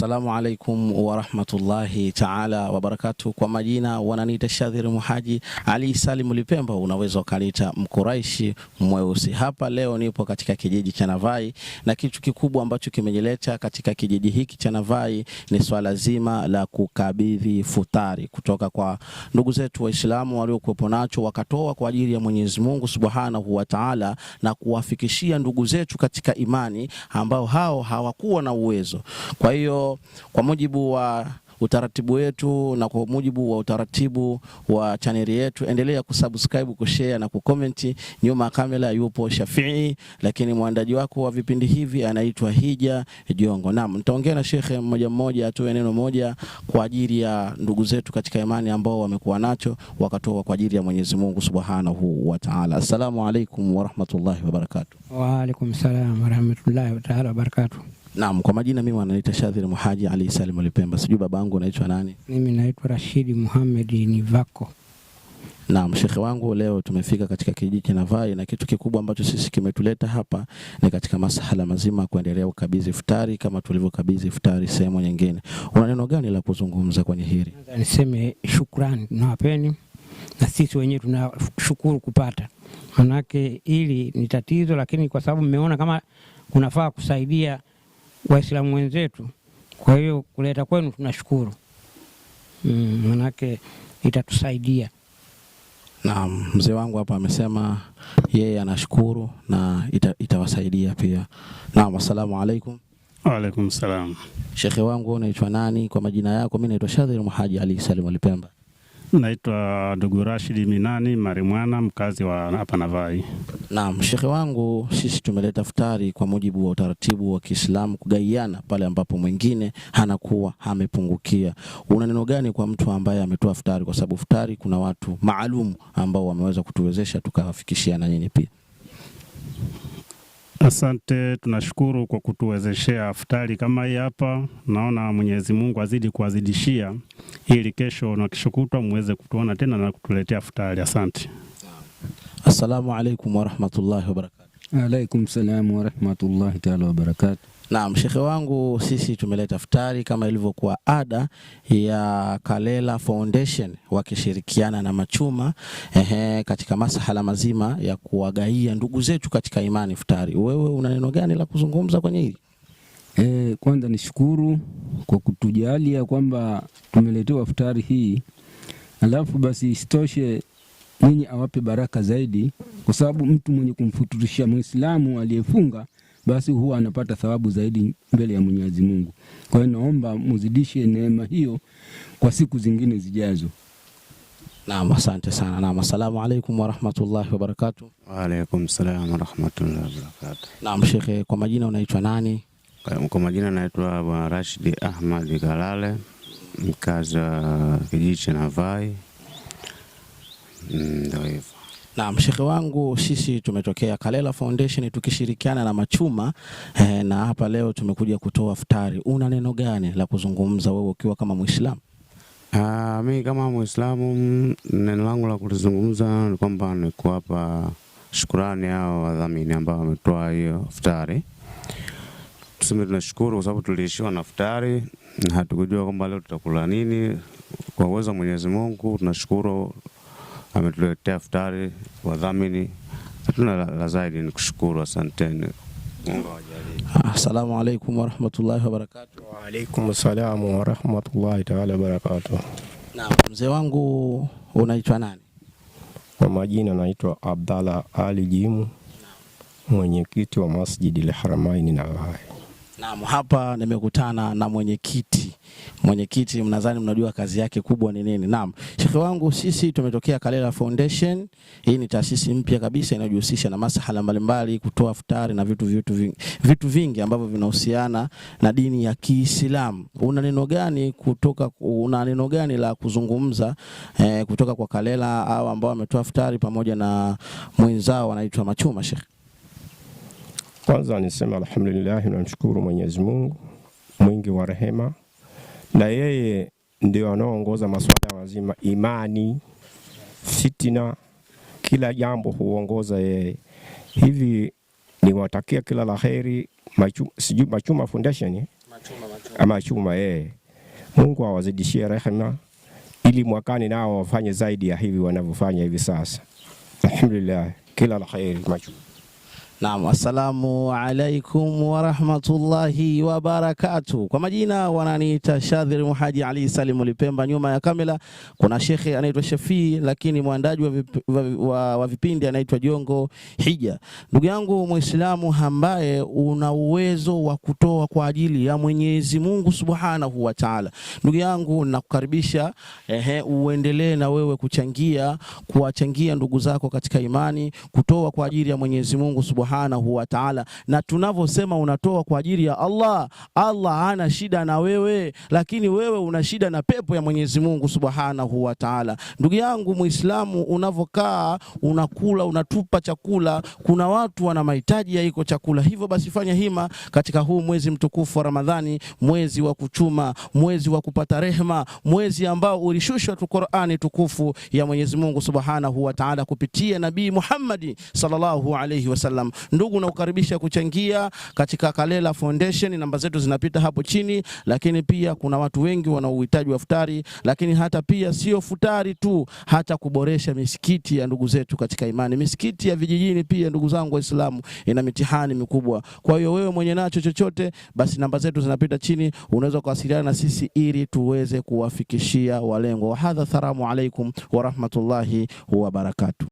Assalamu alaikum warahmatullahi taala wabarakatu. Kwa majina wananiita Shadhiri Muhaji Ali Salimu Lipemba, unaweza ukalita Mkuraishi Mweusi. Hapa leo nipo katika kijiji cha Navai, na kitu kikubwa ambacho kimenileta katika kijiji hiki cha Navai ni swala zima la kukabidhi futari kutoka kwa ndugu zetu Waislamu waliokuwepo nacho, wakatoa kwa ajili ya Mwenyezi Mungu Subhanahu wa Taala na kuwafikishia ndugu zetu katika imani ambao hao hawakuwa na uwezo. Kwa hiyo kwa mujibu wa utaratibu wetu na kwa mujibu wa utaratibu wa chaneli yetu, endelea kusubscribe, kushare na kukomenti. Nyuma ya kamera yupo Shafii, lakini mwandaji wako wa vipindi hivi anaitwa Hija Jongo. Naam, nitaongea na shekhe mmoja mmoja, atoe neno moja kwa ajili ya ndugu zetu katika imani ambao wamekuwa nacho wakatoa kwa ajili ya Mwenyezi Mungu Subhanahu wa Ta'ala. Assalamu alaykum wa rahmatullahi wa barakatuh. Wa alaykum salaam wa rahmatullahi wa ta'ala wa barakatuh. Naam, kwa majina mimi wananiita Shadhiri Muhaji Ali Salim Alipemba. Sijui babangu unaitwa nani? Mimi naitwa Rashidi Muhammad Nivako. Naam, shekhe wangu, leo tumefika katika kijiji cha Navai na kitu kikubwa ambacho sisi kimetuleta hapa ni katika masahala mazima kuendelea kukabidhi futari kama tulivyokabidhi futari sehemu nyingine. Una neno gani la kuzungumza kwenye hili? Niseme shukrani tunawapeni na sisi wenyewe tunashukuru kupata, manake hili ni tatizo, lakini kwa sababu mmeona kama kunafaa kusaidia Waislamu wenzetu. Kwa hiyo kuleta kwenu tunashukuru mm, manake itatusaidia. Na mzee wangu hapa amesema yeye anashukuru na ita, itawasaidia pia. Naam, assalamu alaikum. Waalaikum salam. Shekhe wangu unaitwa nani kwa majina yako? Mimi naitwa Shadhir Muhaji Ali Salim Alipemba. Naitwa ndugu Rashidi Minani Marimwana, mkazi wa hapa Navai. Naam, shekhe wangu, sisi tumeleta futari kwa mujibu wa utaratibu wa Kiislamu, kugaiana pale ambapo mwingine anakuwa amepungukia. Una neno gani kwa mtu ambaye ametoa futari? Kwa sababu futari kuna watu maalum ambao wameweza kutuwezesha tukawafikishia na nyinyi pia. Asante, tunashukuru kwa kutuwezeshea iftari kama hii hapa. Naona Mwenyezi Mungu azidi kuwazidishia ili kesho na kesho kutwa muweze kutuona tena na kutuletea futari Asante. Assalamu alaikum warahmatullahi wabarakatuh. Alaikum salamu warahmatullahi taala wabarakatuh. Naam, shehe wangu, sisi tumeleta ftari kama ilivyokuwa ada ya Kalela Foundation wakishirikiana na Machuma ehe, katika masuala mazima ya kuwagaia ndugu zetu katika imani ftari Wewe una neno gani la kuzungumza kwenye hili? E, kwanza nishukuru kwa kutujalia kwamba tumeletewa futari hii, alafu basi isitoshe ninyi awape baraka zaidi, kwa sababu mtu mwenye kumfuturisha Muislamu aliyefunga basi huwa anapata thawabu zaidi mbele ya Mwenyezi Mungu. Kwa hiyo naomba muzidishe neema hiyo kwa siku zingine zijazo. Naam, asante sana. Naam, assalamu Wa warahmatullahi salaam wa rahmatullahi wa barakatuh. Naam, shekhe, kwa majina unaitwa nani? Kwa majina naitwa Bwana Rashidi Ahmad Kalale, mkazi wa kijiji cha Navai. Mm, ndio hivyo. Na mshekhe wangu, sisi tumetokea Kalela Foundation tukishirikiana na Machuma eh, na hapa leo tumekuja kutoa futari. Una neno gani la kuzungumza wewe ukiwa kama Muislamu? Ah, mimi kama Muislamu neno langu la kulizungumza ni kwamba ni kuwapa shukurani hao wadhamini ambao wametoa hiyo futari. Tuseme tunashukuru kwa sababu tuliishiwa na futari, hatukujua kwamba leo tutakula nini. Kwa uwezo wa Mwenyezi Mungu tunashukuru ametuletea futari, wadhamini, hatuna la, la zaidi ni kushukuru. Asanteni. Assalamu alaikum warahmatullahi wabarakatuh. Wa alaikum salamu warahmatullahi taala wabarakatuh. Naam, mzee wangu unaitwa nani? Kwa majina naitwa Abdalla Ali Jimu, mwenyekiti wa Masjidil Haramaini Nawai. Naam, hapa nimekutana na mwenyekiti. Mwenyekiti, mnadhani mnajua kazi yake kubwa ni nini? Naam, shekhe wangu, sisi tumetokea Kalela Foundation. Hii ni taasisi mpya kabisa inayojihusisha na masuala mbalimbali, kutoa futari na vitu vitu vingi, vitu vingi ambavyo vinahusiana na dini ya Kiislamu. Una neno gani kutoka, una neno gani la kuzungumza eh, kutoka kwa Kalela au ambao wametoa futari pamoja na mwenzao wanaitwa Machuma, shekhe? Kwanza nisema alhamdulillah, namshukuru Mwenyezi Mungu mwingi wa rehema, na yeye ndio anaoongoza masuala mazima, imani, fitina, kila jambo huongoza yeye. Hivi niwatakia kila laheri Machuma, sijui Machuma Foundation eh? Machuma, Machuma. yeye, eh. Mungu awazidishie rehema ili mwakani nao wafanye zaidi ya hivi wanavyofanya hivi sasa. Alhamdulillah, kila laheri Machuma. Naam, assalamu alaikum warahmatullahi wabarakatu. Kwa majina wananiita Shadhir Muhaji Ali Salim Lipemba. Nyuma ya kamera kuna shekhe anaitwa Shafii, lakini mwandaji wa, vip, wa, wa, wa vipindi anaitwa Jongo Hija. Ndugu yangu Muislamu ambaye una uwezo wa kutoa kwa ajili ya Mwenyezi Mungu Subhanahu wa Ta'ala, ndugu yangu nakukaribisha, ehe, uendelee na wewe kuchangia, kuwachangia ndugu zako katika imani, kutoa kwa ajili ya Mwenyezi Mungu Subhanahu subhanahu wa taala. Na tunavyosema unatoa kwa ajili ya Allah, Allah hana shida na wewe, lakini wewe una shida na pepo ya Mwenyezi Mungu subhanahu wa taala. Ndugu yangu Muislamu, unavyokaa unakula, unatupa chakula, kuna watu wana mahitaji ya iko chakula. Hivyo basi fanya hima katika huu mwezi mtukufu wa Ramadhani, mwezi wa kuchuma, mwezi wa kupata rehma, mwezi ambao ulishushwa tu Qur'ani tukufu ya Mwenyezi Mungu subhanahu wa taala kupitia Nabii Muhammad sallallahu alayhi wasallam. Ndugu, ukaribisha kuchangia katika Kalela Foundation, namba zetu zinapita hapo chini. Lakini pia kuna watu wengi wana uhitaji wa futari, lakini hata pia sio futari tu, hata kuboresha misikiti ya ndugu zetu katika imani. Misikiti ya vijijini pia, ndugu zangu Waislamu, ina mitihani mikubwa. Kwa hiyo wewe mwenye nacho chochote, basi namba zetu zinapita chini, unaweza kuwasiliana na sisi ili tuweze kuwafikishia walengwa. Wahadha, salamu alaikum warahmatullahi wabarakatu.